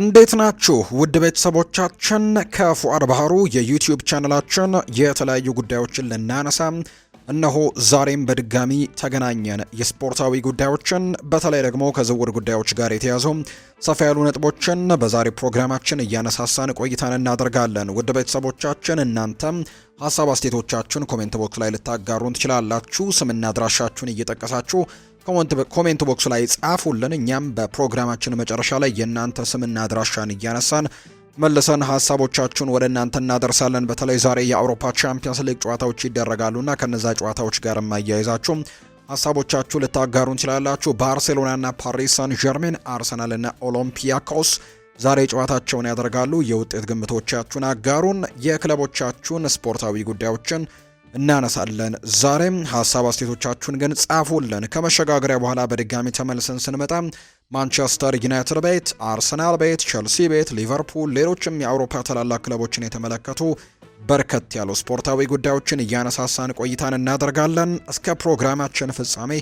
እንዴት ናችሁ ውድ ቤተሰቦቻችን? ከፉአድ ባህሩ የዩቲዩብ ቻናላችን የተለያዩ ጉዳዮችን ልናነሳ እነሆ ዛሬም በድጋሚ ተገናኘን። የስፖርታዊ ጉዳዮችን በተለይ ደግሞ ከዝውውር ጉዳዮች ጋር የተያዙ ሰፋ ያሉ ነጥቦችን በዛሬ ፕሮግራማችን እያነሳሳን ቆይታን እናደርጋለን። ውድ ቤተሰቦቻችን እናንተም ሀሳብ አስቴቶቻችሁን ኮሜንት ቦክስ ላይ ልታጋሩን ትችላላችሁ። ስምና አድራሻችሁን እየጠቀሳችሁ ኮሜንት ቦክስ ላይ ጻፉልን። እኛም በፕሮግራማችን መጨረሻ ላይ የእናንተ ስምና አድራሻን እያነሳን መልሰን ሀሳቦቻችሁን ወደ እናንተ እናደርሳለን። በተለይ ዛሬ የአውሮፓ ቻምፒየንስ ሊግ ጨዋታዎች ይደረጋሉና ከነዛ ጨዋታዎች ጋር የማያይዛችሁም ሀሳቦቻችሁ ልታጋሩን ትችላላችሁ። ባርሴሎናና ፓሪስ ሳን ዠርሜን፣ አርሰናልና ኦሎምፒያኮስ ዛሬ ጨዋታቸውን ያደርጋሉ። የውጤት ግምቶቻችሁን አጋሩን። የክለቦቻችሁን ስፖርታዊ ጉዳዮችን እናነሳለን። ዛሬም ሀሳብ አስተያየቶቻችሁን ግን ጻፉልን። ከመሸጋገሪያ በኋላ በድጋሚ ተመልሰን ስንመጣ ማንቸስተር ዩናይትድ ቤት፣ አርሰናል ቤት፣ ቸልሲ ቤት፣ ሊቨርፑል፣ ሌሎችም የአውሮፓ ታላላቅ ክለቦችን የተመለከቱ በርከት ያሉ ስፖርታዊ ጉዳዮችን እያነሳሳን ቆይታን እናደርጋለን። እስከ ፕሮግራማችን ፍጻሜ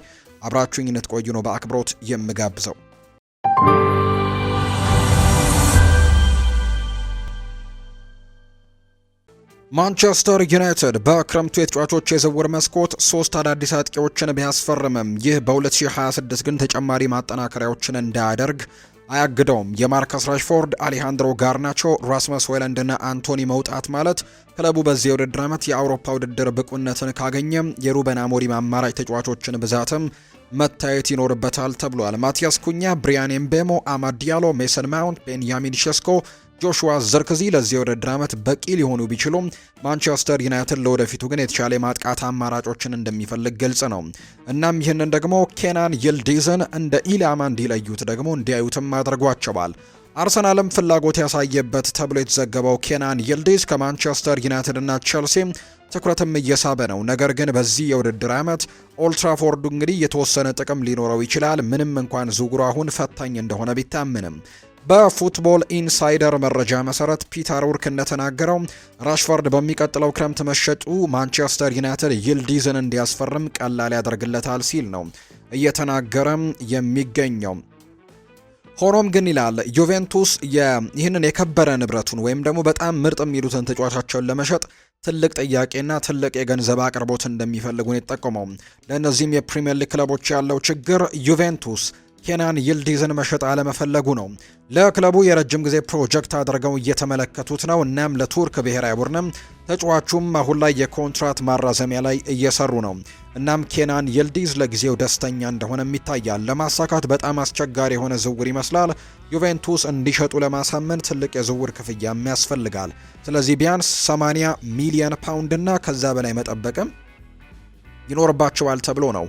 አብራችሁኝ እንድትቆዩ ነው በአክብሮት የምጋብዘው። ማንቸስተር ዩናይትድ በክረምቱ የተጫዋቾች የዝውውር መስኮት ሶስት አዳዲስ አጥቂዎችን ቢያስፈርምም ይህ በ2026 ግን ተጨማሪ ማጠናከሪያዎችን እንዳያደርግ አያግደውም። የማርከስ ራሽፎርድ፣ አሌሃንድሮ ጋርናቾ፣ ራስመስ ሆይለንድና አንቶኒ መውጣት ማለት ክለቡ በዚህ የውድድር ዓመት የአውሮፓ ውድድር ብቁነትን ካገኘም የሩበን አሞሪም አማራጭ ተጫዋቾችን ብዛትም መታየት ይኖርበታል ተብሏል። ማቲያስ ኩኛ፣ ብሪያን ኤምቤሞ፣ አማድ ዲያሎ፣ ሜሰን ማውንት፣ ቤንያሚን ሸስኮ ጆሹዋ ዘርክዚ ለዚህ የውድድር ዓመት በቂ ሊሆኑ ቢችሉም ማንቸስተር ዩናይትድ ለወደፊቱ ግን የተሻለ የማጥቃት አማራጮችን እንደሚፈልግ ግልጽ ነው። እናም ይህንን ደግሞ ኬናን ይልዲዝን እንደ ኢላማ እንዲለዩት ደግሞ እንዲያዩትም አድርጓቸዋል። አርሰናልም ፍላጎት ያሳየበት ተብሎ የተዘገበው ኬናን ይልዲዝ ከማንቸስተር ዩናይትድ እና ቸልሲ ትኩረትም እየሳበ ነው። ነገር ግን በዚህ የውድድር ዓመት ኦልትራፎርዱ እንግዲህ የተወሰነ ጥቅም ሊኖረው ይችላል፣ ምንም እንኳን ዝውውሩ አሁን ፈታኝ እንደሆነ ቢታምንም በፉትቦል ኢንሳይደር መረጃ መሰረት ፒተር ውርክ እንደተናገረው ራሽፎርድ በሚቀጥለው ክረምት መሸጡ ማንቸስተር ዩናይትድ ይልዲዝን እንዲያስፈርም ቀላል ያደርግለታል ሲል ነው እየተናገረም የሚገኘው። ሆኖም ግን ይላል ዩቬንቱስ ይህንን የከበረ ንብረቱን ወይም ደግሞ በጣም ምርጥ የሚሉትን ተጫዋቻቸውን ለመሸጥ ትልቅ ጥያቄና ትልቅ የገንዘብ አቅርቦት እንደሚፈልጉን የጠቆመው ለእነዚህም የፕሪምየር ሊግ ክለቦች ያለው ችግር ዩቬንቱስ ኬናን ይልዲዝን መሸጥ አለመፈለጉ ነው። ለክለቡ የረጅም ጊዜ ፕሮጀክት አድርገው እየተመለከቱት ነው። እናም ለቱርክ ብሔራዊ ቡድንም ተጫዋቹም አሁን ላይ የኮንትራት ማራዘሚያ ላይ እየሰሩ ነው። እናም ኬናን ይልዲዝ ለጊዜው ደስተኛ እንደሆነም ይታያል። ለማሳካት በጣም አስቸጋሪ የሆነ ዝውውር ይመስላል። ዩቬንቱስ እንዲሸጡ ለማሳመን ትልቅ የዝውውር ክፍያም ያስፈልጋል። ስለዚህ ቢያንስ 80 ሚሊዮን ፓውንድ እና ከዛ በላይ መጠበቅም ይኖርባቸዋል ተብሎ ነው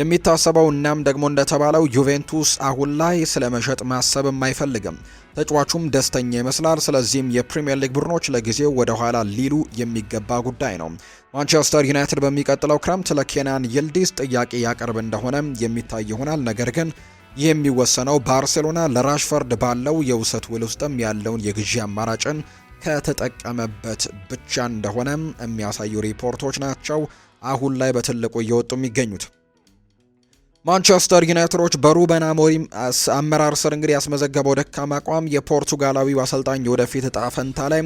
የሚታሰበው። እናም ደግሞ እንደተባለው ዩቬንቱስ አሁን ላይ ስለ መሸጥ ማሰብም አይፈልግም። ተጫዋቹም ደስተኛ ይመስላል። ስለዚህም የፕሪምየር ሊግ ቡድኖች ለጊዜው ወደ ኋላ ሊሉ የሚገባ ጉዳይ ነው። ማንቸስተር ዩናይትድ በሚቀጥለው ክረምት ለኬናን ይልዲዝ ጥያቄ ያቀርብ እንደሆነም የሚታይ ይሆናል። ነገር ግን ይህ የሚወሰነው ባርሴሎና ለራሽፈርድ ባለው የውሰት ውል ውስጥም ያለውን የግዢ አማራጭን ከተጠቀመበት ብቻ እንደሆነ የሚያሳዩ ሪፖርቶች ናቸው አሁን ላይ በትልቁ እየወጡ የሚገኙት። ማንቸስተር ዩናይትዶች በሩበን አሞሪም አመራር ስር እንግዲህ ያስመዘገበው ደካማ አቋም የፖርቱጋላዊው አሰልጣኝ ወደፊት እጣ ፈንታ ላይ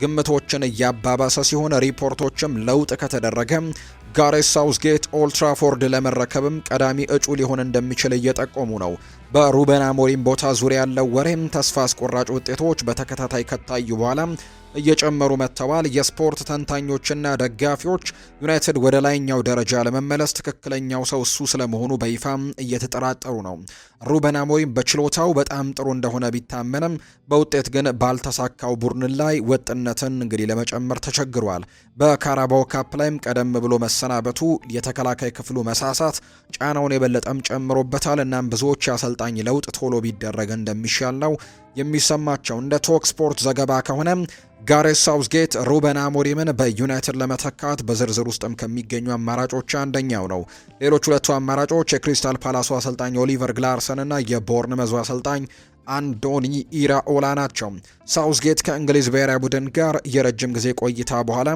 ግምቶችን እያባባሰ ሲሆን ሪፖርቶችም ለውጥ ከተደረገ ጋሬስ ሳውስጌት ኦልትራፎርድ ለመረከብም ቀዳሚ እጩ ሊሆን እንደሚችል እየጠቆሙ ነው። በሩበን አሞሪም ቦታ ዙሪያ ያለው ወሬም ተስፋ አስቆራጭ ውጤቶች በተከታታይ ከታዩ በኋላ እየጨመሩ መጥተዋል። የስፖርት ተንታኞችና ደጋፊዎች ዩናይትድ ወደ ላይኛው ደረጃ ለመመለስ ትክክለኛው ሰው እሱ ስለመሆኑ በይፋም እየተጠራጠሩ ነው። ሩበን አሞሪም በችሎታው በጣም ጥሩ እንደሆነ ቢታመንም በውጤት ግን ባልተሳካው ቡድን ላይ ወጥነትን እንግዲህ ለመጨመር ተቸግሯል። በካራባው ካፕ ላይም ቀደም ብሎ መሰናበቱ የተከላካይ ክፍሉ መሳሳት ጫናውን የበለጠም ጨምሮበታል። እናም ብዙዎች የአሰልጣኝ ለውጥ ቶሎ ቢደረግ እንደሚሻል ነው የሚሰማቸው። እንደ ቶክ ስፖርት ዘገባ ከሆነ ጋሬስ ሳውዝጌት ሩበን አሞሪምን በዩናይትድ ለመተካት በዝርዝር ውስጥም ከሚገኙ አማራጮች አንደኛው ነው። ሌሎች ሁለቱ አማራጮች የክሪስታል ፓላሱ አሰልጣኝ ኦሊቨር ግላርሰን እና የቦርንመዙ አሰልጣኝ አንዶኒ ኢራኦላ ናቸው። ሳውዝጌት ከእንግሊዝ ብሔራዊ ቡድን ጋር የረጅም ጊዜ ቆይታ በኋላ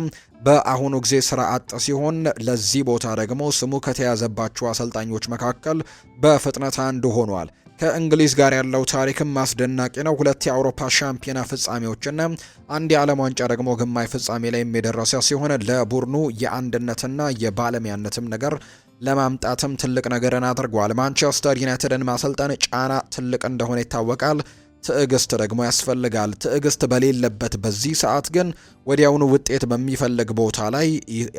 በአሁኑ ጊዜ ስራ አጥ ሲሆን ለዚህ ቦታ ደግሞ ስሙ ከተያዘባቸው አሰልጣኞች መካከል በፍጥነት አንዱ ሆኗል። ከእንግሊዝ ጋር ያለው ታሪክም አስደናቂ ነው። ሁለት የአውሮፓ ሻምፒዮና ፍጻሜዎችና አንድ የዓለም ዋንጫ ደግሞ ግማሽ ፍጻሜ ላይ የደረሰ ሲሆን ለቡድኑ የአንድነትና የባለሙያነትም ነገር ለማምጣትም ትልቅ ነገርን አድርጓል። ማንቸስተር ዩናይትድን ማሰልጠን ጫና ትልቅ እንደሆነ ይታወቃል። ትዕግስት ደግሞ ያስፈልጋል። ትዕግስት በሌለበት በዚህ ሰዓት ግን ወዲያውኑ ውጤት በሚፈልግ ቦታ ላይ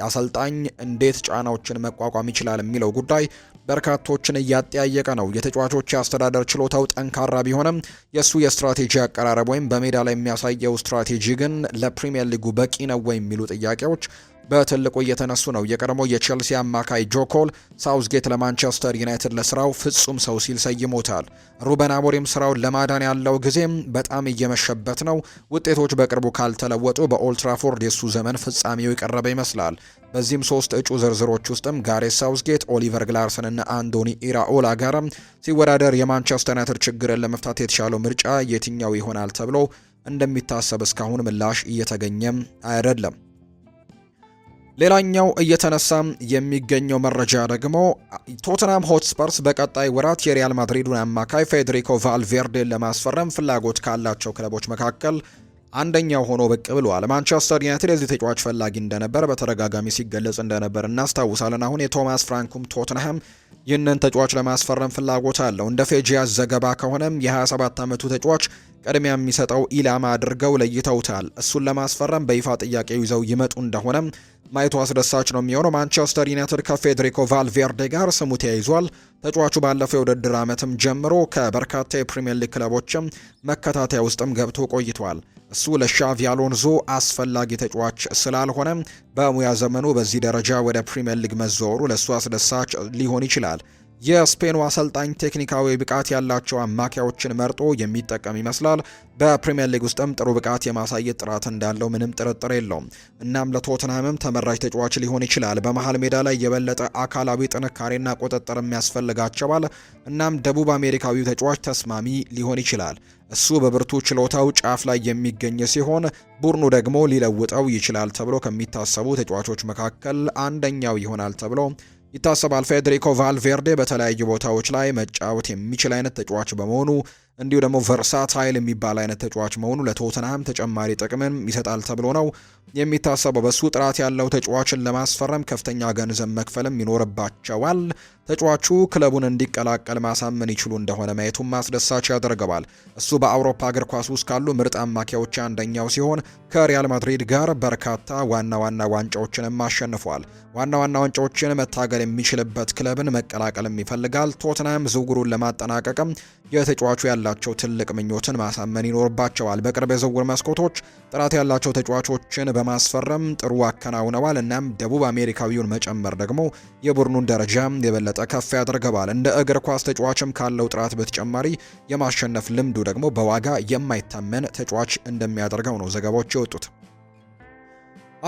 አሰልጣኝ እንዴት ጫናዎችን መቋቋም ይችላል የሚለው ጉዳይ በርካቶችን እያጠያየቀ ነው። የተጫዋቾች የአስተዳደር ችሎታው ጠንካራ ቢሆንም የእሱ የስትራቴጂ አቀራረብ ወይም በሜዳ ላይ የሚያሳየው ስትራቴጂ ግን ለፕሪምየር ሊጉ በቂ ነው የሚሉ ጥያቄዎች በትልቁ እየተነሱ ነው። የቀድሞ የቼልሲ አማካይ ጆኮል ሳውዝጌት ለማንቸስተር ዩናይትድ ለስራው ፍጹም ሰው ሲል ሰይሞታል። ሩበን አሞሪም ስራውን ለማዳን ያለው ጊዜም በጣም እየመሸበት ነው። ውጤቶች በቅርቡ ካልተለወጡ በኦልትራፎርድ የሱ ዘመን ፍጻሜው የቀረበ ይመስላል። በዚህም ሶስት እጩ ዝርዝሮች ውስጥም ጋሬት ሳውዝጌት፣ ኦሊቨር ግላርሰን እና አንቶኒ ኢራኦላ ጋርም ሲወዳደር የማንቸስተር ዩናይትድ ችግርን ለመፍታት የተሻለው ምርጫ የትኛው ይሆናል ተብሎ እንደሚታሰብ እስካሁን ምላሽ እየተገኘም አይደለም። ሌላኛው እየተነሳም የሚገኘው መረጃ ደግሞ ቶትናም ሆትስፐርስ በቀጣይ ወራት የሪያል ማድሪዱን አማካይ ፌዴሪኮ ቫልቬርዴን ለማስፈረም ፍላጎት ካላቸው ክለቦች መካከል አንደኛው ሆኖ ብቅ ብሏል። ማንቸስተር ዩናይትድ የዚህ ተጫዋች ፈላጊ እንደነበር በተደጋጋሚ ሲገለጽ እንደነበር እናስታውሳለን። አሁን የቶማስ ፍራንኩም ቶትንሃም ይህንን ተጫዋች ለማስፈረም ፍላጎት አለው። እንደ ፌጂያስ ዘገባ ከሆነም የ27 ዓመቱ ተጫዋች ቅድሚያ የሚሰጠው ኢላማ አድርገው ለይተውታል። እሱን ለማስፈረም በይፋ ጥያቄው ይዘው ይመጡ እንደሆነ ማየቱ አስደሳች ነው የሚሆነው። ማንቸስተር ዩናይትድ ከፌዴሪኮ ቫልቬርዴ ጋር ስሙ ተያይዟል። ተጫዋቹ ባለፈው የውድድር ዓመትም ጀምሮ ከበርካታ የፕሪምየር ሊግ ክለቦችም መከታተያ ውስጥም ገብቶ ቆይቷል። እሱ ለሻቪ አሎንዞ አስፈላጊ ተጫዋች ስላልሆነ በሙያ ዘመኑ በዚህ ደረጃ ወደ ፕሪምየር ሊግ መዘወሩ ለእሱ አስደሳች ሊሆን ይችላል። የስፔኑ አሰልጣኝ ቴክኒካዊ ብቃት ያላቸው አማካዮችን መርጦ የሚጠቀም ይመስላል። በፕሪምየር ሊግ ውስጥም ጥሩ ብቃት የማሳየት ጥራት እንዳለው ምንም ጥርጥር የለውም። እናም ለቶትናምም ተመራጭ ተጫዋች ሊሆን ይችላል። በመሃል ሜዳ ላይ የበለጠ አካላዊ ጥንካሬና ቁጥጥር የሚያስፈልጋቸዋል። እናም ደቡብ አሜሪካዊው ተጫዋች ተስማሚ ሊሆን ይችላል። እሱ በብርቱ ችሎታው ጫፍ ላይ የሚገኝ ሲሆን ቡድኑ ደግሞ ሊለውጠው ይችላል ተብሎ ከሚታሰቡ ተጫዋቾች መካከል አንደኛው ይሆናል ተብሎ ይታሰባል። ፌዴሪኮ ቫልቬርዴ በተለያዩ ቦታዎች ላይ መጫወት የሚችል አይነት ተጫዋች በመሆኑ እንዲሁ ደግሞ ቨርሳታይል የሚባል አይነት ተጫዋች መሆኑ ለቶተንሃም ተጨማሪ ጥቅምን ይሰጣል ተብሎ ነው የሚታሰበው። በሱ ጥራት ያለው ተጫዋችን ለማስፈረም ከፍተኛ ገንዘብ መክፈልም ይኖርባቸዋል። ተጫዋቹ ክለቡን እንዲቀላቀል ማሳመን ይችሉ እንደሆነ ማየቱም ማስደሳች ያደርገዋል። እሱ በአውሮፓ እግር ኳስ ውስጥ ካሉ ምርጥ አማካዮች አንደኛው ሲሆን ከሪያል ማድሪድ ጋር በርካታ ዋና ዋና ዋንጫዎችንም አሸንፏል። ዋና ዋና ዋንጫዎችን መታገል የሚችልበት ክለብን መቀላቀልም ይፈልጋል። ቶትናም ዝውውሩን ለማጠናቀቅም የተጫዋቹ ያላቸው ትልቅ ምኞትን ማሳመን ይኖርባቸዋል። በቅርብ የዝውውር መስኮቶች ጥራት ያላቸው ተጫዋቾችን በማስፈረም ጥሩ አከናውነዋል። እናም ደቡብ አሜሪካዊውን መጨመር ደግሞ የቡድኑን ደረጃ የበለ የበለጠ ከፍ ያደርገዋል። እንደ እግር ኳስ ተጫዋችም ካለው ጥራት በተጨማሪ የማሸነፍ ልምዱ ደግሞ በዋጋ የማይታመን ተጫዋች እንደሚያደርገው ነው ዘገባዎች የወጡት።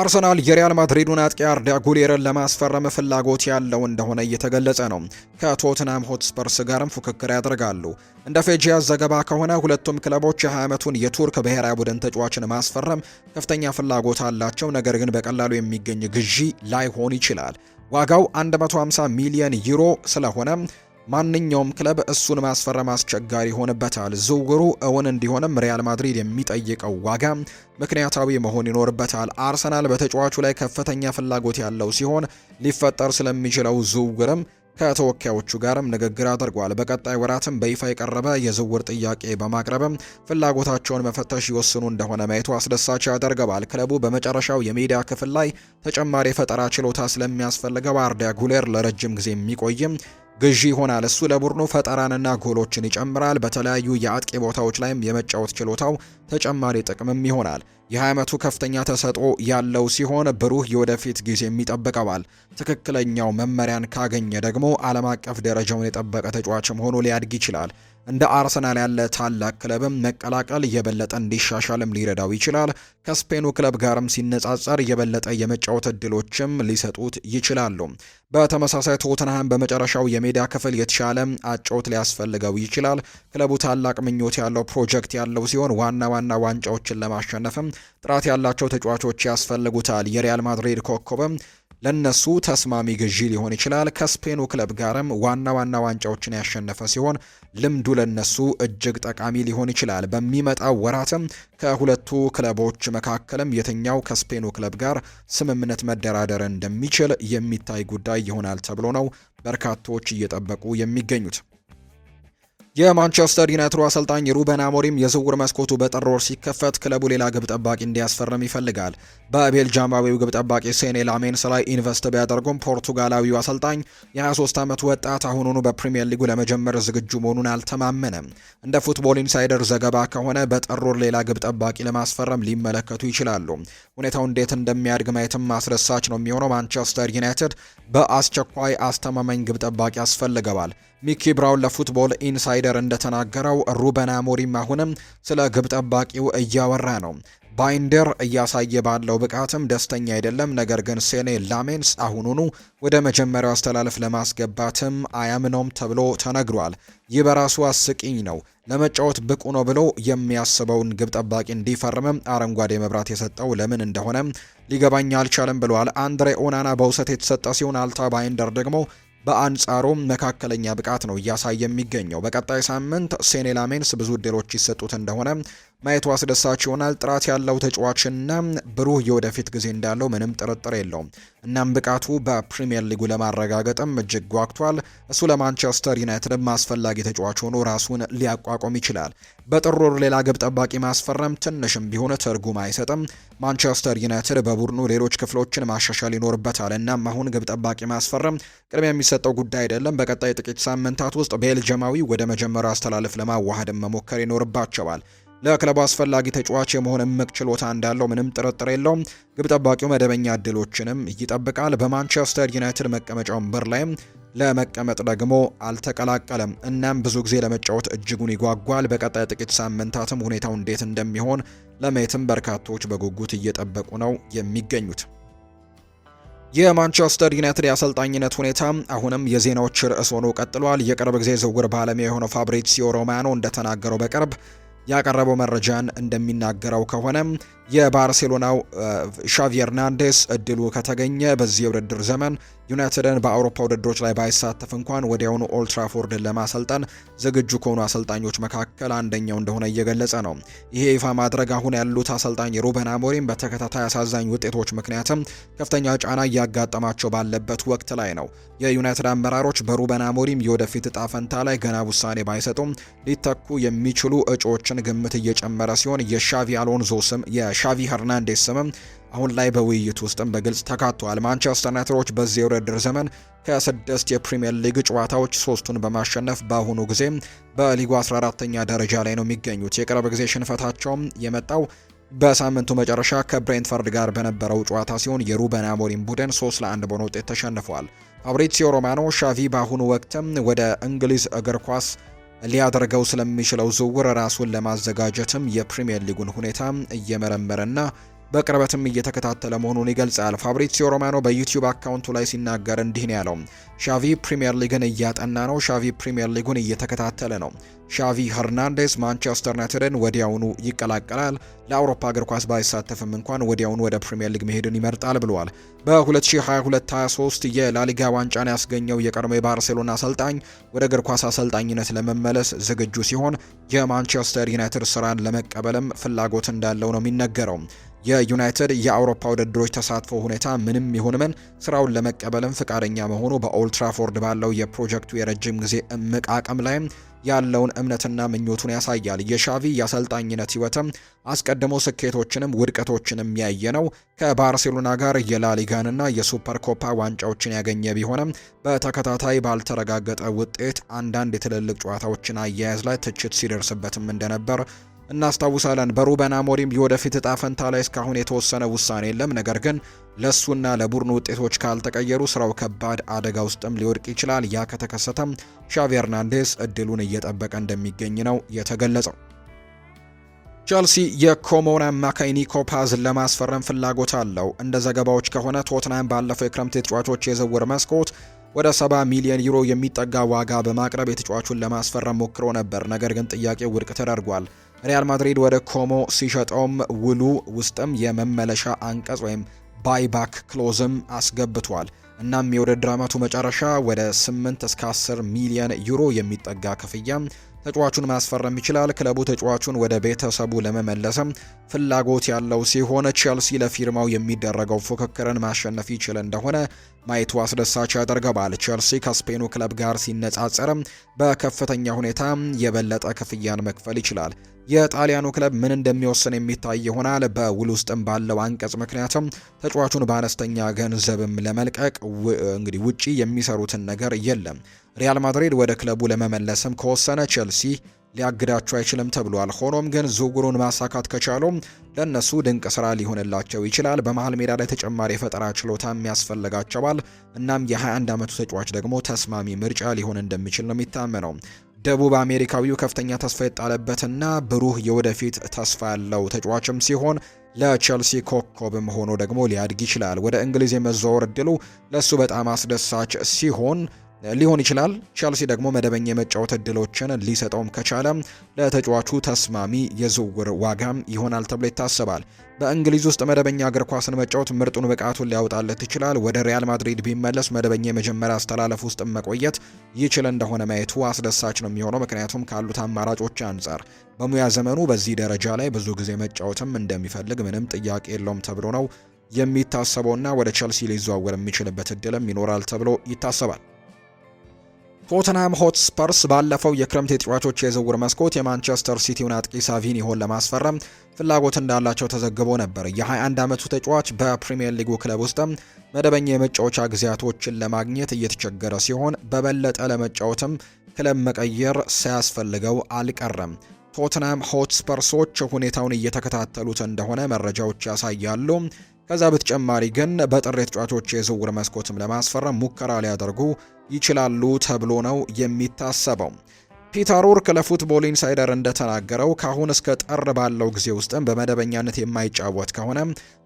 አርሰናል የሪያል ማድሪዱን አጥቂ አርዳ ጉሌርን ለማስፈረም ፍላጎት ያለው እንደሆነ እየተገለጸ ነው። ከቶትናም ሆትስፐርስ ጋርም ፉክክር ያደርጋሉ። እንደ ፌጂያ ዘገባ ከሆነ ሁለቱም ክለቦች የ20 ዓመቱን የቱርክ ብሔራዊ ቡድን ተጫዋችን ማስፈረም ከፍተኛ ፍላጎት አላቸው። ነገር ግን በቀላሉ የሚገኝ ግዢ ላይሆን ይችላል። ዋጋው 150 ሚሊዮን ዩሮ ስለሆነ ማንኛውም ክለብ እሱን ማስፈረም አስቸጋሪ ይሆንበታል። ዝውውሩ እውን እንዲሆንም ሪያል ማድሪድ የሚጠይቀው ዋጋ ምክንያታዊ መሆን ይኖርበታል። አርሰናል በተጫዋቹ ላይ ከፍተኛ ፍላጎት ያለው ሲሆን ሊፈጠር ስለሚችለው ዝውውርም ከተወካዮቹ ጋርም ንግግር አድርጓል። በቀጣይ ወራትም በይፋ የቀረበ የዝውውር ጥያቄ በማቅረብም ፍላጎታቸውን መፈተሽ ይወስኑ እንደሆነ ማየቱ አስደሳች ያደርገዋል። ክለቡ በመጨረሻው የሜዳ ክፍል ላይ ተጨማሪ የፈጠራ ችሎታ ስለሚያስፈልገው አርዳ ጉሌር ለረጅም ጊዜ የሚቆይም ግዢ ይሆናል። እሱ ለቡድኑ ፈጠራንና ጎሎችን ይጨምራል። በተለያዩ የአጥቂ ቦታዎች ላይም የመጫወት ችሎታው ተጨማሪ ጥቅምም ይሆናል። የ20 ዓመቱ ከፍተኛ ተሰጥኦ ያለው ሲሆን ብሩህ የወደፊት ጊዜም ይጠብቀዋል። ትክክለኛው መመሪያን ካገኘ ደግሞ ዓለም አቀፍ ደረጃውን የጠበቀ ተጫዋችም ሆኖ ሊያድግ ይችላል። እንደ አርሰናል ያለ ታላቅ ክለብም መቀላቀል የበለጠ እንዲሻሻልም ሊረዳው ይችላል። ከስፔኑ ክለብ ጋርም ሲነጻጸር የበለጠ የመጫወት እድሎችም ሊሰጡት ይችላሉ። በተመሳሳይ ቶትንሃም በመጨረሻው የሜዳ ክፍል የተሻለ አጨዋወት ሊያስፈልገው ይችላል። ክለቡ ታላቅ ምኞት ያለው ፕሮጀክት ያለው ሲሆን ዋና ዋና ዋንጫዎችን ለማሸነፍም ጥራት ያላቸው ተጫዋቾች ያስፈልጉታል። የሪያል ማድሪድ ኮከብም ለነሱ ተስማሚ ግዢ ሊሆን ይችላል። ከስፔኑ ክለብ ጋርም ዋና ዋና ዋንጫዎችን ያሸነፈ ሲሆን ልምዱ ለነሱ እጅግ ጠቃሚ ሊሆን ይችላል። በሚመጣው ወራትም ከሁለቱ ክለቦች መካከልም የትኛው ከስፔኑ ክለብ ጋር ስምምነት መደራደር እንደሚችል የሚታይ ጉዳይ ይሆናል ተብሎ ነው በርካቶች እየጠበቁ የሚገኙት። የማንቸስተር ዩናይትዱ አሰልጣኝ ሩበን አሞሪም የዝውውር መስኮቱ በጥር ወር ሲከፈት ክለቡ ሌላ ግብ ጠባቂ እንዲያስፈርም ይፈልጋል። በቤልጃማዊው ግብ ጠባቂ ሴኔ ላሜንስ ላይ ኢንቨስት ቢያደርጉም ፖርቱጋላዊው አሰልጣኝ የ23 ዓመት ወጣት አሁኑኑ በፕሪምየር ሊጉ ለመጀመር ዝግጁ መሆኑን አልተማመነም። እንደ ፉትቦል ኢንሳይደር ዘገባ ከሆነ በጥር ወር ሌላ ግብ ጠባቂ ለማስፈረም ሊመለከቱ ይችላሉ። ሁኔታው እንዴት እንደሚያድግ ማየትም አስደሳች ነው የሚሆነው። ማንቸስተር ዩናይትድ በአስቸኳይ አስተማማኝ ግብ ጠባቂ ያስፈልገዋል። ሚኪ ብራውን ለፉትቦል ኢንሳይደር እንደተናገረው ሩበን አሞሪም አሁንም ስለ ግብ ጠባቂው እያወራ ነው። ባይንደር እያሳየ ባለው ብቃትም ደስተኛ አይደለም። ነገር ግን ሴኔ ላሜንስ አሁኑኑ ወደ መጀመሪያው አስተላለፍ ለማስገባትም አያምነውም ተብሎ ተነግሯል። ይህ በራሱ አስቂኝ ነው። ለመጫወት ብቁ ነው ብሎ የሚያስበውን ግብ ጠባቂ እንዲፈርምም አረንጓዴ መብራት የሰጠው ለምን እንደሆነ ሊገባኝ አልቻለም ብለዋል። አንድሬ ኦናና በውሰት የተሰጠ ሲሆን አልታ ባይንደር ደግሞ በአንጻሩም መካከለኛ ብቃት ነው እያሳየ የሚገኘው። በቀጣይ ሳምንት ሴኔ ላሜንስ ብዙ እድሎች ይሰጡት እንደሆነ ማየቱ አስደሳች ይሆናል። ጥራት ያለው ተጫዋችና ብሩህ የወደፊት ጊዜ እንዳለው ምንም ጥርጥር የለውም። እናም ብቃቱ በፕሪምየር ሊጉ ለማረጋገጥም እጅግ ጓግቷል። እሱ ለማንቸስተር ዩናይትድም አስፈላጊ ተጫዋች ሆኖ ራሱን ሊያቋቁም ይችላል። በጥሩር ሌላ ግብ ጠባቂ ማስፈረም ትንሽም ቢሆን ትርጉም አይሰጥም። ማንቸስተር ዩናይትድ በቡድኑ ሌሎች ክፍሎችን ማሻሻል ይኖርበታል። እናም አሁን ግብ ጠባቂ ማስፈረም ቅድሚያ የሚሰጠው ጉዳይ አይደለም። በቀጣይ ጥቂት ሳምንታት ውስጥ ቤልጅማዊ ወደ መጀመሪያው አስተላለፍ ለማዋሃድም መሞከር ይኖርባቸዋል። ለክለቡ አስፈላጊ ተጫዋች የመሆን እምቅ ችሎታ እንዳለው ምንም ጥርጥር የለውም። ግብ ጠባቂው መደበኛ እድሎችንም ይጠብቃል። በማንቸስተር ዩናይትድ መቀመጫ በር ላይም ለመቀመጥ ደግሞ አልተቀላቀለም። እናም ብዙ ጊዜ ለመጫወት እጅጉን ይጓጓል። በቀጣይ ጥቂት ሳምንታትም ሁኔታው እንዴት እንደሚሆን ለማየትም በርካቶች በጉጉት እየጠበቁ ነው የሚገኙት። የማንቸስተር ዩናይትድ የአሰልጣኝነት ሁኔታ አሁንም የዜናዎች ርዕስ ሆኖ ቀጥሏል። የቅርብ ጊዜ ዝውውር ባለሙያ የሆነው ፋብሪዚዮ ሮማኖ እንደተናገረው በቅርብ ያቀረበው መረጃን እንደሚናገረው ከሆነ የባርሴሎናው ሻቪ ሄርናንዴስ እድሉ ከተገኘ በዚህ የውድድር ዘመን ዩናይትድን በአውሮፓ ውድድሮች ላይ ባይሳተፍ እንኳን ወዲያውኑ ኦልትራፎርድን ለማሰልጠን ዝግጁ ከሆኑ አሰልጣኞች መካከል አንደኛው እንደሆነ እየገለጸ ነው። ይሄ ይፋ ማድረግ አሁን ያሉት አሰልጣኝ ሩበን አሞሪም በተከታታይ አሳዛኝ ውጤቶች ምክንያትም ከፍተኛ ጫና እያጋጠማቸው ባለበት ወቅት ላይ ነው። የዩናይትድ አመራሮች በሩበን አሞሪም የወደፊት እጣ ፈንታ ላይ ገና ውሳኔ ባይሰጡም ሊተኩ የሚችሉ እጩዎችን ግምት እየጨመረ ሲሆን የሻቪ አሎንዞ ስም በሻቪ ሄርናንዴስ ስምም አሁን ላይ በውይይት ውስጥም በግልጽ ተካቷል። ማንቸስተር ዩናይትዶች በዚህ የውድድር ዘመን ከስድስት የፕሪምየር ሊግ ጨዋታዎች ሶስቱን በማሸነፍ በአሁኑ ጊዜ በሊጉ 14ተኛ ደረጃ ላይ ነው የሚገኙት። የቅርብ ጊዜ ሽንፈታቸውም የመጣው በሳምንቱ መጨረሻ ከብሬንትፈርድ ጋር በነበረው ጨዋታ ሲሆን የሩበን አሞሪም ቡድን 3 ለ1 በሆነ ውጤት ተሸንፏል። ፋብሪዚዮ ሮማኖ ሻቪ በአሁኑ ወቅትም ወደ እንግሊዝ እግር ኳስ ሊያደርገው ስለሚችለው ዝውውር ራሱን ለማዘጋጀትም የፕሪምየር ሊጉን ሁኔታ እየመረመረና በቅርበትም እየተከታተለ መሆኑን ይገልጻል። ፋብሪሲዮ ሮማኖ በዩቲዩብ አካውንቱ ላይ ሲናገር እንዲህ ነው ያለው። ሻቪ ፕሪምየር ሊግን እያጠና ነው። ሻቪ ፕሪምየር ሊጉን እየተከታተለ ነው። ሻቪ ሄርናንዴዝ ማንቸስተር ዩናይትድን ወዲያውኑ ይቀላቀላል። ለአውሮፓ እግር ኳስ ባይሳተፍም እንኳን ወዲያውኑ ወደ ፕሪምየር ሊግ መሄድን ይመርጣል ብለዋል። በ2022/23 የላሊጋ ዋንጫን ያስገኘው የቀድሞ የባርሴሎና አሰልጣኝ ወደ እግር ኳስ አሰልጣኝነት ለመመለስ ዝግጁ ሲሆን የማንቸስተር ዩናይትድ ስራን ለመቀበልም ፍላጎት እንዳለው ነው የሚነገረው። የዩናይትድ የአውሮፓ ውድድሮች ተሳትፎ ሁኔታ ምንም ይሁን ምን ስራውን ለመቀበልም ፍቃደኛ መሆኑ በኦልትራፎርድ ባለው የፕሮጀክቱ የረጅም ጊዜ እምቅ አቅም ላይም ያለውን እምነትና ምኞቱን ያሳያል። የሻቪ የአሰልጣኝነት ህይወትም አስቀድሞ ስኬቶችንም ውድቀቶችንም ያየ ነው። ከባርሴሎና ጋር የላሊጋንና የሱፐር ኮፓ ዋንጫዎችን ያገኘ ቢሆንም በተከታታይ ባልተረጋገጠ ውጤት አንዳንድ የትልልቅ ጨዋታዎችን አያያዝ ላይ ትችት ሲደርስበትም እንደነበር እናስታውሳለን። በሩበን አሞሪም የወደፊት እጣ ፈንታ ላይ እስካሁን የተወሰነ ውሳኔ የለም። ነገር ግን ለእሱና ለቡድኑ ውጤቶች ካልተቀየሩ ስራው ከባድ አደጋ ውስጥም ሊወድቅ ይችላል። ያ ከተከሰተም ሻቪ ሄርናንዴስ እድሉን እየጠበቀ እንደሚገኝ ነው የተገለጸው። ቸልሲ የኮሞን አማካይ ኒኮ ፓዝን ለማስፈረም ፍላጎት አለው። እንደ ዘገባዎች ከሆነ ቶትናም ባለፈው የክረምት የተጫዋቾች የዝውውር መስኮት ወደ 70 ሚሊዮን ዩሮ የሚጠጋ ዋጋ በማቅረብ የተጫዋቹን ለማስፈረም ሞክሮ ነበር። ነገር ግን ጥያቄው ውድቅ ተደርጓል። ሪያል ማድሪድ ወደ ኮሞ ሲሸጠውም ውሉ ውስጥም የመመለሻ አንቀጽ ወይም ባይባክ ክሎዝም አስገብቷል። እናም የውድድር ዓመቱ መጨረሻ ወደ 8 እስከ 10 ሚሊዮን ዩሮ የሚጠጋ ክፍያ ተጫዋቹን ማስፈረም ይችላል። ክለቡ ተጫዋቹን ወደ ቤተሰቡ ለመመለስም ፍላጎት ያለው ሲሆን ቼልሲ ለፊርማው የሚደረገው ፉክክርን ማሸነፍ ይችል እንደሆነ ማየቱ አስደሳች ያደርገዋል። ቼልሲ ከስፔኑ ክለብ ጋር ሲነጻጸርም በከፍተኛ ሁኔታ የበለጠ ክፍያን መክፈል ይችላል። የጣሊያኑ ክለብ ምን እንደሚወስን የሚታይ ይሆናል። በውል ውስጥም ባለው አንቀጽ ምክንያትም ተጫዋቹን በአነስተኛ ገንዘብም ለመልቀቅ እንግዲህ ውጪ የሚሰሩትን ነገር የለም። ሪያል ማድሪድ ወደ ክለቡ ለመመለስም ከወሰነ ቼልሲ ሊያግዳቸው አይችልም ተብሏል። ሆኖም ግን ዝውውሩን ማሳካት ከቻሉ ለእነሱ ድንቅ ስራ ሊሆንላቸው ይችላል። በመሀል ሜዳ ላይ ተጨማሪ የፈጠራ ችሎታም ያስፈልጋቸዋል። እናም የ21 ዓመቱ ተጫዋች ደግሞ ተስማሚ ምርጫ ሊሆን እንደሚችል ነው የሚታመነው። ደቡብ አሜሪካዊው ከፍተኛ ተስፋ የጣለበትና ብሩህ የወደፊት ተስፋ ያለው ተጫዋችም ሲሆን ለቼልሲ ኮከብም ሆኖ ደግሞ ሊያድግ ይችላል። ወደ እንግሊዝ የመዘዋወር እድሉ ለእሱ በጣም አስደሳች ሲሆን ሊሆን ይችላል። ቼልሲ ደግሞ መደበኛ የመጫወት እድሎችን ሊሰጠውም ከቻለ ለተጫዋቹ ተስማሚ የዝውውር ዋጋም ይሆናል ተብሎ ይታሰባል። በእንግሊዝ ውስጥ መደበኛ እግር ኳስን መጫወት ምርጡን ብቃቱን ሊያወጣለት ይችላል። ወደ ሪያል ማድሪድ ቢመለስ መደበኛ የመጀመሪያ አስተላለፍ ውስጥ መቆየት ይችል እንደሆነ ማየቱ አስደሳች ነው የሚሆነው ምክንያቱም ካሉት አማራጮች አንጻር በሙያ ዘመኑ በዚህ ደረጃ ላይ ብዙ ጊዜ መጫወትም እንደሚፈልግ ምንም ጥያቄ የለውም ተብሎ ነው የሚታሰበውና ወደ ቼልሲ ሊዘዋወር የሚችልበት እድልም ይኖራል ተብሎ ይታሰባል። ቶተንሃም ሆትስፐርስ ባለፈው የክረምት የተጫዋቾች የዝውውር መስኮት የማንቸስተር ሲቲውን አጥቂ ሳቪኒሆን ለማስፈረም ፍላጎት እንዳላቸው ተዘግቦ ነበር። የ21 ዓመቱ ተጫዋች በፕሪምየር ሊጉ ክለብ ውስጥም መደበኛ የመጫወቻ ጊዜያቶችን ለማግኘት እየተቸገረ ሲሆን በበለጠ ለመጫወትም ክለብ መቀየር ሳያስፈልገው አልቀረም። ቶትናም ሆትስፐርሶች ሁኔታውን እየተከታተሉት እንደሆነ መረጃዎች ያሳያሉ። ከዛ በተጨማሪ ግን በጥር ተጫዋቾች የዝውውር መስኮትም ለማስፈረም ሙከራ ሊያደርጉ ይችላሉ ተብሎ ነው የሚታሰበው። ፒተር ኡርክ ለፉትቦል ኢንሳይደር እንደተናገረው ከአሁን እስከ ጥር ባለው ጊዜ ውስጥም በመደበኛነት የማይጫወት ከሆነ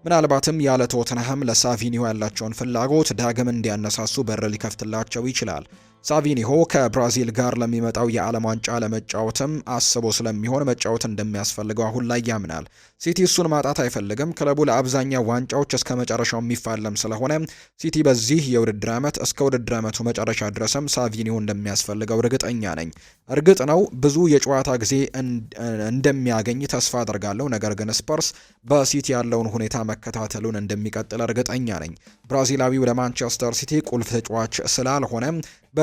ምናልባትም ያለ ቶትንሃም ለሳቪኒዮ ያላቸውን ፍላጎት ዳግም እንዲያነሳሱ በር ሊከፍትላቸው ይችላል። ሳቪኒሆ ከብራዚል ጋር ለሚመጣው የዓለም ዋንጫ ለመጫወትም አስቦ ስለሚሆን መጫወት እንደሚያስፈልገው አሁን ላይ ያምናል። ሲቲ እሱን ማጣት አይፈልግም። ክለቡ ለአብዛኛው ዋንጫዎች እስከ መጨረሻው የሚፋለም ስለሆነ ሲቲ በዚህ የውድድር ዓመት እስከ ውድድር ዓመቱ መጨረሻ ድረስም ሳቪኒሆ እንደሚያስፈልገው እርግጠኛ ነኝ። እርግጥ ነው ብዙ የጨዋታ ጊዜ እንደሚያገኝ ተስፋ አድርጋለሁ ነገር ግን ስፐርስ በሲቲ ያለውን ሁኔታ መከታተሉን እንደሚቀጥል እርግጠኛ ነኝ። ብራዚላዊው ለማንቸስተር ሲቲ ቁልፍ ተጫዋች ስላልሆነ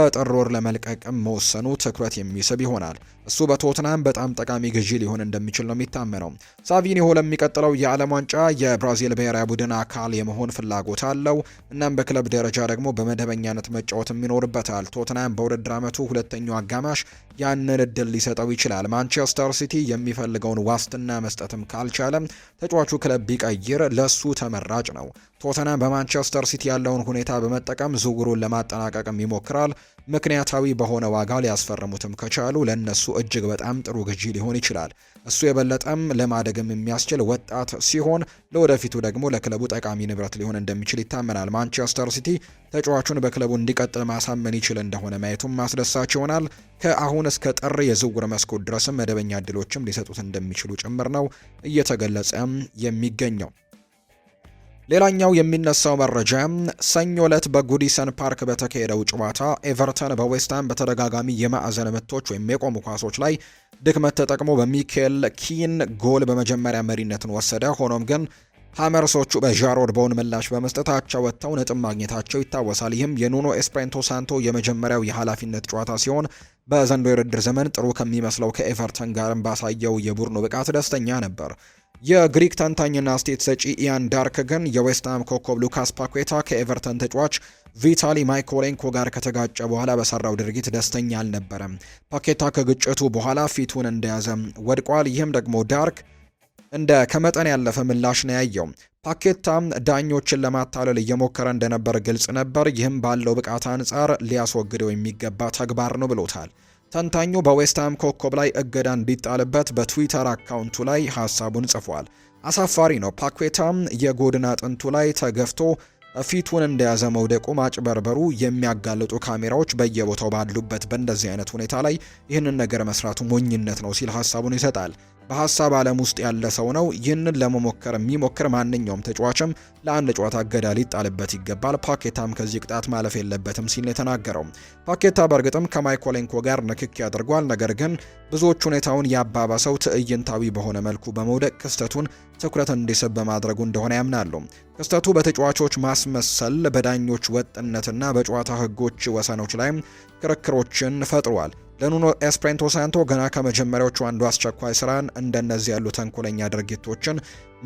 በጥር ወር ለመልቀቅም መወሰኑ ትኩረት የሚስብ ይሆናል። እሱ በቶትናም በጣም ጠቃሚ ግዢ ሊሆን እንደሚችል ነው የሚታመነው። ሳቪኒሆ ለሚቀጥለው የዓለም ዋንጫ የብራዚል ብሔራዊ ቡድን አካል የመሆን ፍላጎት አለው። እናም በክለብ ደረጃ ደግሞ በመደበኛነት መጫወትም ይኖርበታል። ቶትናም በውድድር ዓመቱ ሁለተኛው አጋማሽ ያንን እድል ሊሰጠው ይችላል። ማንቸስተር ሲቲ የሚፈልገውን ዋስትና መስጠትም ካልቻለም ተጫዋቹ ክለብ ቢቀይር ለሱ ተመራጭ ነው። ቶተናም በማንቸስተር ሲቲ ያለውን ሁኔታ በመጠቀም ዝውውሩን ለማጠናቀቅም ይሞክራል። ምክንያታዊ በሆነ ዋጋ ሊያስፈርሙትም ከቻሉ ለእነሱ እጅግ በጣም ጥሩ ግዢ ሊሆን ይችላል። እሱ የበለጠም ለማደግም የሚያስችል ወጣት ሲሆን ለወደፊቱ ደግሞ ለክለቡ ጠቃሚ ንብረት ሊሆን እንደሚችል ይታመናል። ማንቸስተር ሲቲ ተጫዋቹን በክለቡ እንዲቀጥል ማሳመን ይችል እንደሆነ ማየቱም ማስደሳች ይሆናል። ከአሁን እስከ ጥር የዝውውር መስኮት ድረስም መደበኛ እድሎችም ሊሰጡት እንደሚችሉ ጭምር ነው እየተገለጸም የሚገኘው። ሌላኛው የሚነሳው መረጃ ሰኞ ዕለት በጉዲሰን ፓርክ በተካሄደው ጨዋታ ኤቨርተን በዌስትሃም በተደጋጋሚ የማዕዘን ምቶች ወይም የቆሙ ኳሶች ላይ ድክመት ተጠቅሞ በሚኬል ኪን ጎል በመጀመሪያ መሪነትን ወሰደ። ሆኖም ግን ሀመርሶቹ በዣሮድ ቦውን ምላሽ በመስጠታቸው ወጥተው ነጥብ ማግኘታቸው ይታወሳል። ይህም የኑኖ ኤስፕሬንቶ ሳንቶ የመጀመሪያው የኃላፊነት ጨዋታ ሲሆን በዘንዶ የውድድር ዘመን ጥሩ ከሚመስለው ከኤቨርተን ጋርም ባሳየው የቡድኑ ብቃት ደስተኛ ነበር። የግሪክ ተንታኝና አስተያየት ሰጪ ኢያን ዳርክ ግን የዌስትሃም ኮከብ ሉካስ ፓኬታ ከኤቨርተን ተጫዋች ቪታሊ ማይኮሌንኮ ጋር ከተጋጨ በኋላ በሰራው ድርጊት ደስተኛ አልነበረም። ፓኬታ ከግጭቱ በኋላ ፊቱን እንደያዘ ወድቋል። ይህም ደግሞ ዳርክ እንደ ከመጠን ያለፈ ምላሽ ነው ያየው። ፓኬታ ዳኞችን ለማታለል እየሞከረ እንደነበር ግልጽ ነበር። ይህም ባለው ብቃት አንጻር ሊያስወግደው የሚገባ ተግባር ነው ብሎታል። ተንታኙ በዌስትሃም ኮከብ ላይ እገዳ እንዲጣልበት በትዊተር አካውንቱ ላይ ሀሳቡን ጽፏል። አሳፋሪ ነው። ፓኬታም የጎድን አጥንቱ ላይ ተገፍቶ ፊቱን እንደያዘ መውደቁ ማጭበርበሩ የሚያጋልጡ ካሜራዎች በየቦታው ባሉበት በእንደዚህ አይነት ሁኔታ ላይ ይህንን ነገር መስራቱ ሞኝነት ነው ሲል ሀሳቡን ይሰጣል። በሀሳብ ዓለም ውስጥ ያለ ሰው ነው። ይህንን ለመሞከር የሚሞክር ማንኛውም ተጫዋችም ለአንድ ጨዋታ እገዳ ሊጣልበት ይገባል። ፓኬታም ከዚህ ቅጣት ማለፍ የለበትም ሲል የተናገረው ፓኬታ በእርግጥም ከማይኮሌንኮ ጋር ንክኪ አድርጓል። ነገር ግን ብዙዎች ሁኔታውን ያባባሰው ትዕይንታዊ በሆነ መልኩ በመውደቅ ክስተቱን ትኩረት እንዲስብ በማድረጉ እንደሆነ ያምናሉ። ክስተቱ በተጫዋቾች ማስመሰል፣ በዳኞች ወጥነትና በጨዋታ ህጎች ወሰኖች ላይም ክርክሮችን ፈጥሯል። ለኑኖ ኤስፕሬንቶ ሳንቶ ገና ከመጀመሪያዎቹ አንዱ አስቸኳይ ስራን እንደነዚህ ያሉ ተንኮለኛ ድርጊቶችን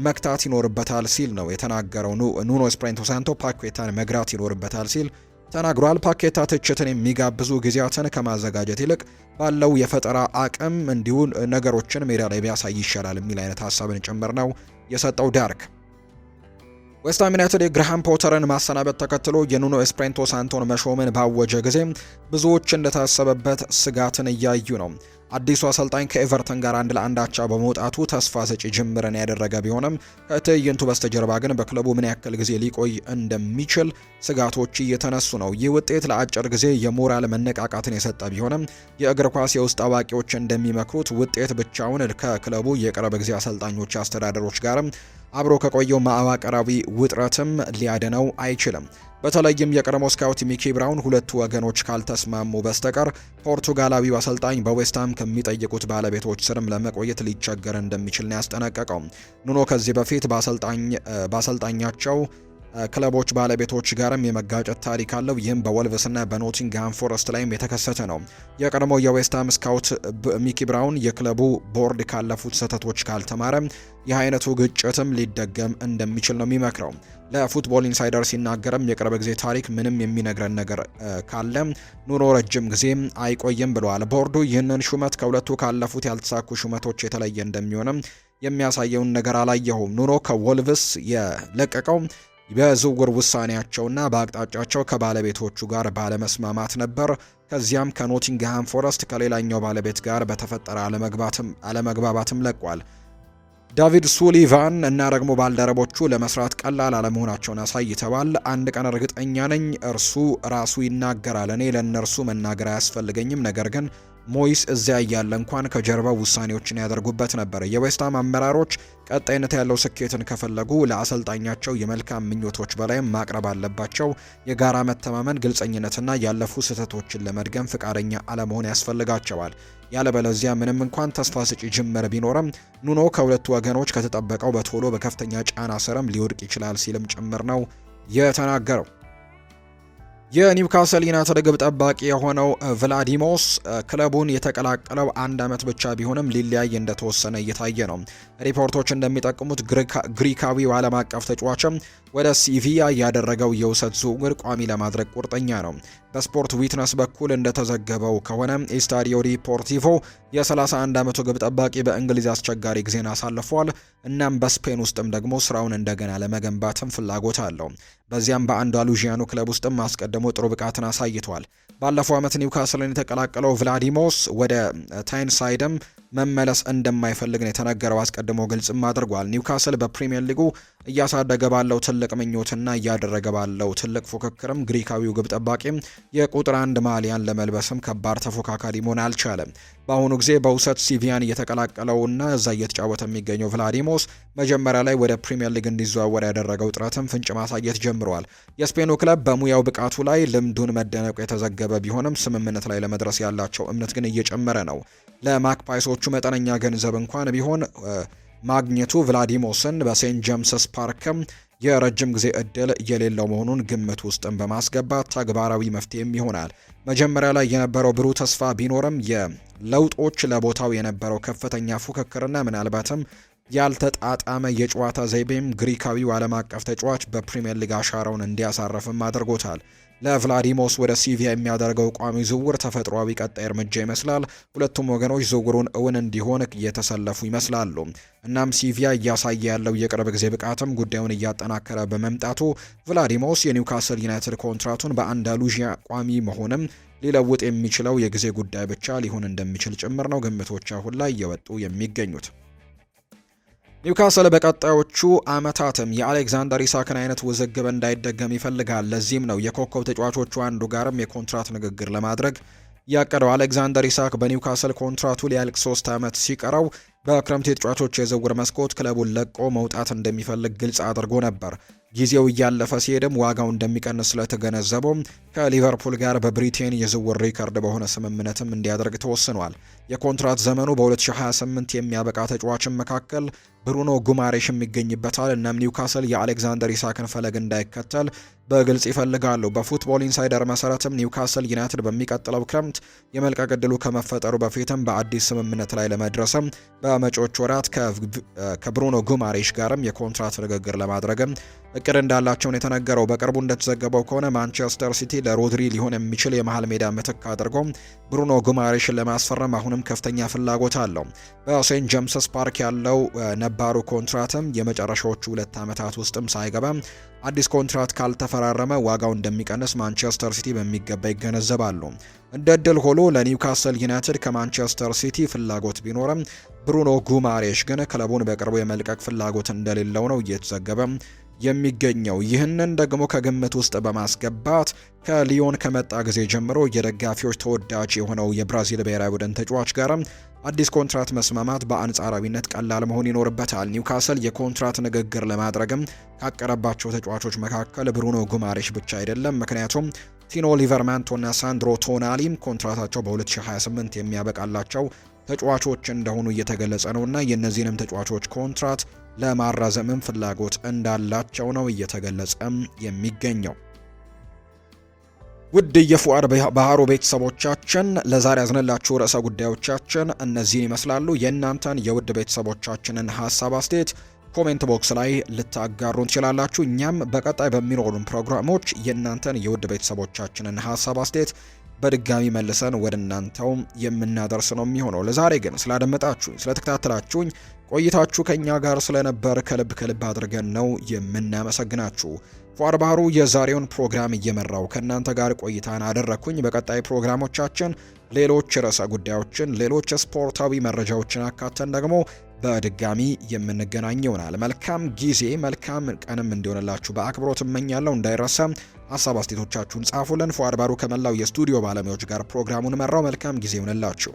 መክታት ይኖርበታል ሲል ነው የተናገረው። ኑኖ ኤስፕሬንቶ ሳንቶ ፓኬታን መግራት ይኖርበታል ሲል ተናግሯል። ፓኬታ ትችትን የሚጋብዙ ጊዜያትን ከማዘጋጀት ይልቅ ባለው የፈጠራ አቅም እንዲሁን ነገሮችን ሜዳ ላይ ቢያሳይ ይሻላል የሚል አይነት ሀሳብን ጭምር ነው የሰጠው ዳርክ ዌስትሃም ዩናይትድ የግርሃም ፖተርን ማሰናበት ተከትሎ የኑኖ ኤስፕሬንቶ ሳንቶን መሾምን ባወጀ ጊዜ ብዙዎች እንደታሰበበት ስጋትን እያዩ ነው። አዲሱ አሰልጣኝ ከኤቨርተን ጋር አንድ ለአንድ አቻ በመውጣቱ ተስፋ ሰጪ ጅምርን ያደረገ ቢሆንም ከትዕይንቱ በስተጀርባ ግን በክለቡ ምን ያክል ጊዜ ሊቆይ እንደሚችል ስጋቶች እየተነሱ ነው። ይህ ውጤት ለአጭር ጊዜ የሞራል መነቃቃትን የሰጠ ቢሆንም የእግር ኳስ የውስጥ አዋቂዎች እንደሚመክሩት ውጤት ብቻውን ከክለቡ የቅርብ ጊዜ አሰልጣኞች አስተዳደሮች ጋርም አብሮ ከቆየው መዋቅራዊ ውጥረትም ሊያድነው አይችልም። በተለይም የቀድሞ ስካውት ሚኪ ብራውን ሁለቱ ወገኖች ካልተስማሙ በስተቀር ፖርቱጋላዊው አሰልጣኝ በዌስትሃም ከሚጠይቁት ባለቤቶች ስርም ለመቆየት ሊቸገር እንደሚችል ነው ያስጠነቀቀው። ኑኖ ከዚህ በፊት በአሰልጣኛቸው ክለቦች ባለቤቶች ጋርም የመጋጨት ታሪክ አለው። ይህም በወልቭስና በኖቲንግሃም ፎረስት ላይም የተከሰተ ነው። የቀድሞ የዌስትሃም ስካውት ሚኪ ብራውን የክለቡ ቦርድ ካለፉት ስህተቶች ካልተማረ ይህ አይነቱ ግጭትም ሊደገም እንደሚችል ነው የሚመክረው። ለፉትቦል ኢንሳይደር ሲናገርም የቅርብ ጊዜ ታሪክ ምንም የሚነግረን ነገር ካለ ኑሮ ረጅም ጊዜ አይቆይም ብለዋል። ቦርዱ ይህንን ሹመት ከሁለቱ ካለፉት ያልተሳኩ ሹመቶች የተለየ እንደሚሆንም የሚያሳየውን ነገር አላየሁም። ኑሮ ከወልቭስ የለቀቀው በዝውውር ውሳኔያቸውና በአቅጣጫቸው ከባለቤቶቹ ጋር ባለመስማማት ነበር። ከዚያም ከኖቲንግሃም ፎረስት ከሌላኛው ባለቤት ጋር በተፈጠረ አለመግባባትም ለቋል። ዳቪድ ሱሊቫን እና ደግሞ ባልደረቦቹ ለመስራት ቀላል አለመሆናቸውን አሳይተዋል። አንድ ቀን እርግጠኛ ነኝ እርሱ ራሱ ይናገራል። እኔ ለእነርሱ መናገር አያስፈልገኝም፣ ነገር ግን ሞይስ እዚያ እያለ እንኳን ከጀርባው ውሳኔዎችን ያደርጉበት ነበር። የዌስትሃም አመራሮች ቀጣይነት ያለው ስኬትን ከፈለጉ ለአሰልጣኛቸው የመልካም ምኞቶች በላይም ማቅረብ አለባቸው። የጋራ መተማመን፣ ግልጸኝነትና ያለፉ ስህተቶችን ለመድገም ፍቃደኛ አለመሆን ያስፈልጋቸዋል። ያለበለዚያ ምንም እንኳን ተስፋ ስጪ ጅምር ቢኖርም ኑኖ ከሁለቱ ወገኖች ከተጠበቀው በቶሎ በከፍተኛ ጫና ስርም ሊወድቅ ይችላል ሲልም ጭምር ነው የተናገረው። የኒውካስል ዩናይትድ ግብ ጠባቂ የሆነው ቭላዲሞስ ክለቡን የተቀላቀለው አንድ ዓመት ብቻ ቢሆንም ሊለያይ እንደተወሰነ እየታየ ነው። ሪፖርቶች እንደሚጠቅሙት ግሪካዊው ዓለም አቀፍ ተጫዋችም ወደ ሲቪያ ያደረገው የውሰት ዝውውር ቋሚ ለማድረግ ቁርጠኛ ነው። በስፖርት ዊትነስ በኩል እንደተዘገበው ከሆነ ኢስታዲዮ ዲፖርቲቮ የ31 ዓመቱ ግብ ጠባቂ በእንግሊዝ አስቸጋሪ ጊዜን አሳልፏል። እናም በስፔን ውስጥም ደግሞ ስራውን እንደገና ለመገንባትም ፍላጎት አለው። በዚያም በአንዳሉዥያኑ ክለብ ውስጥም አስቀድሞ ጥሩ ብቃትን አሳይቷል። ባለፈው ዓመት ኒውካስልን የተቀላቀለው ቭላዲሞስ ወደ ታይንሳይድም መመለስ እንደማይፈልግ ነው የተነገረው አስቀድሞ አስቀድሞ ግልጽም አድርጓል። ኒውካስል በፕሪምየር ሊጉ እያሳደገ ባለው ትልቅ ምኞትና እያደረገ ባለው ትልቅ ፉክክርም ግሪካዊው ግብ ጠባቂም የቁጥር አንድ ማሊያን ለመልበስም ከባድ ተፎካካሪ መሆን አልቻለም። በአሁኑ ጊዜ በውሰት ሲቪያን እየተቀላቀለውና እዛ እየተጫወተ የሚገኘው ቭላዲሞስ መጀመሪያ ላይ ወደ ፕሪምየር ሊግ እንዲዘዋወር ያደረገው ጥረትም ፍንጭ ማሳየት ጀምሯል። የስፔኑ ክለብ በሙያው ብቃቱ ላይ ልምዱን መደነቁ የተዘገበ ቢሆንም ስምምነት ላይ ለመድረስ ያላቸው እምነት ግን እየጨመረ ነው። ለማክፓይሶቹ መጠነኛ ገንዘብ እንኳን ቢሆን ማግኘቱ ቭላዲሞስን በሴንት ጀምስስ ፓርክም የረጅም ጊዜ እድል የሌለው መሆኑን ግምት ውስጥን በማስገባት ተግባራዊ መፍትሄም ይሆናል። መጀመሪያ ላይ የነበረው ብሩህ ተስፋ ቢኖርም የለውጦች ለቦታው የነበረው ከፍተኛ ፉክክርና ምናልባትም ያልተጣጣመ የጨዋታ ዘይቤም ግሪካዊው ዓለም አቀፍ ተጫዋች በፕሪምየር ሊግ አሻራውን እንዲያሳረፍም አድርጎታል። ለቭላዲሞስ ወደ ሲቪያ የሚያደርገው ቋሚ ዝውውር ተፈጥሯዊ ቀጣይ እርምጃ ይመስላል። ሁለቱም ወገኖች ዝውውሩን እውን እንዲሆን እየተሰለፉ ይመስላሉ። እናም ሲቪያ እያሳየ ያለው የቅርብ ጊዜ ብቃትም ጉዳዩን እያጠናከረ በመምጣቱ ቭላዲሞስ የኒውካስል ዩናይትድ ኮንትራቱን በአንዳሉዥያ ቋሚ መሆንም ሊለውጥ የሚችለው የጊዜ ጉዳይ ብቻ ሊሆን እንደሚችል ጭምር ነው ግምቶች አሁን ላይ እየወጡ የሚገኙት። ኒውካስል በቀጣዮቹ አመታትም የአሌክዛንደር ኢሳክን አይነት ውዝግብ እንዳይደገም ይፈልጋል። ለዚህም ነው የኮከብ ተጫዋቾቹ አንዱ ጋርም የኮንትራት ንግግር ለማድረግ ያቀደው። አሌክዛንደር ኢሳክ በኒውካስል ኮንትራቱ ሊያልቅ ሶስት ዓመት ሲቀረው በክረምት የተጫዋቾች የዝውውር መስኮት ክለቡን ለቆ መውጣት እንደሚፈልግ ግልጽ አድርጎ ነበር። ጊዜው እያለፈ ሲሄድም ዋጋው እንደሚቀንስ ስለተገነዘበው ከሊቨርፑል ጋር በብሪቴን የዝውውር ሪከርድ በሆነ ስምምነትም እንዲያደርግ ተወስኗል። የኮንትራት ዘመኑ በ2028 የሚያበቃ ተጫዋችን መካከል ብሩኖ ጉማሬሽ ይገኝበታል። እናም ኒውካስል የአሌክዛንደር ኢሳክን ፈለግ እንዳይከተል በግልጽ ይፈልጋሉ። በፉትቦል ኢንሳይደር መሰረትም ኒውካስል ዩናይትድ በሚቀጥለው ክረምት የመልቀቅ ዕድሉ ከመፈጠሩ በፊትም በአዲስ ስምምነት ላይ ለመድረስም በመጪዎች ወራት ከብሩኖ ጉማሬሽ ጋርም የኮንትራት ንግግር ለማድረግም እቅድ እንዳላቸውን የተነገረው በቅርቡ እንደተዘገበው ከሆነ ማንቸስተር ሲቲ ለሮድሪ ሊሆን የሚችል የመሃል ሜዳ ምትክ አድርጎ ብሩኖ ጉማሬሽን ለማስፈረም አሁንም ከፍተኛ ፍላጎት አለው። በሴንት ጀምስስ ፓርክ ያለው ነባሩ ኮንትራትም የመጨረሻዎቹ ሁለት ዓመታት ውስጥም ሳይገባ አዲስ ኮንትራት ካልተፈራረመ ዋጋው እንደሚቀንስ ማንቸስተር ሲቲ በሚገባ ይገነዘባሉ። እንደ ድል ሆሎ ለኒውካስል ዩናይትድ ከማንቸስተር ሲቲ ፍላጎት ቢኖርም ብሩኖ ጉማሬሽ ግን ክለቡን በቅርቡ የመልቀቅ ፍላጎት እንደሌለው ነው እየተዘገበ የሚገኘው። ይህንን ደግሞ ከግምት ውስጥ በማስገባት ከሊዮን ከመጣ ጊዜ ጀምሮ የደጋፊዎች ተወዳጅ የሆነው የብራዚል ብሔራዊ ቡድን ተጫዋች ጋርም አዲስ ኮንትራት መስማማት በአንጻራዊነት ቀላል መሆን ይኖርበታል። ኒውካስል የኮንትራት ንግግር ለማድረግም ካቀረባቸው ተጫዋቾች መካከል ብሩኖ ጉማሬሽ ብቻ አይደለም። ምክንያቱም ቲኖ ሊቨርማንቶ ሳንድሮ ቶናሊም ኮንትራታቸው በ2028 የሚያበቃላቸው ተጫዋቾች እንደሆኑ እየተገለጸ ነውና የእነዚህንም ተጫዋቾች ኮንትራት ለማራዘምም ፍላጎት እንዳላቸው ነው እየተገለጸም የሚገኘው። ውድ የፉአድ ባህሩ ቤተሰቦቻችን ለዛሬ ያዝነላችሁ ርዕሰ ጉዳዮቻችን እነዚህን ይመስላሉ። የእናንተን የውድ ቤተሰቦቻችንን ሀሳብ አስተያየት ኮሜንት ቦክስ ላይ ልታጋሩን ትችላላችሁ። እኛም በቀጣይ በሚኖሩን ፕሮግራሞች የእናንተን የውድ ቤተሰቦቻችንን ሀሳብ አስተያየት በድጋሚ መልሰን ወደ እናንተው የምናደርስ ነው የሚሆነው። ለዛሬ ግን ስላደመጣችሁኝ፣ ስለተከታተላችሁኝ፣ ቆይታችሁ ከእኛ ጋር ስለነበር ከልብ ከልብ አድርገን ነው የምናመሰግናችሁ። ፏር ባህሩ የዛሬውን ፕሮግራም እየመራው ከእናንተ ጋር ቆይታን አደረግኩኝ። በቀጣይ ፕሮግራሞቻችን ሌሎች ርዕሰ ጉዳዮችን፣ ሌሎች ስፖርታዊ መረጃዎችን አካተን ደግሞ በድጋሚ የምንገናኝ ይሆናል። መልካም ጊዜ መልካም ቀንም እንዲሆንላችሁ በአክብሮት እመኛለሁ። እንዳይረሳ ሀሳብ አስቴቶቻችሁን ጻፉልን። ፏአድባሩ ከመላው የስቱዲዮ ባለሙያዎች ጋር ፕሮግራሙን መራው። መልካም ጊዜ ይሆንላችሁ።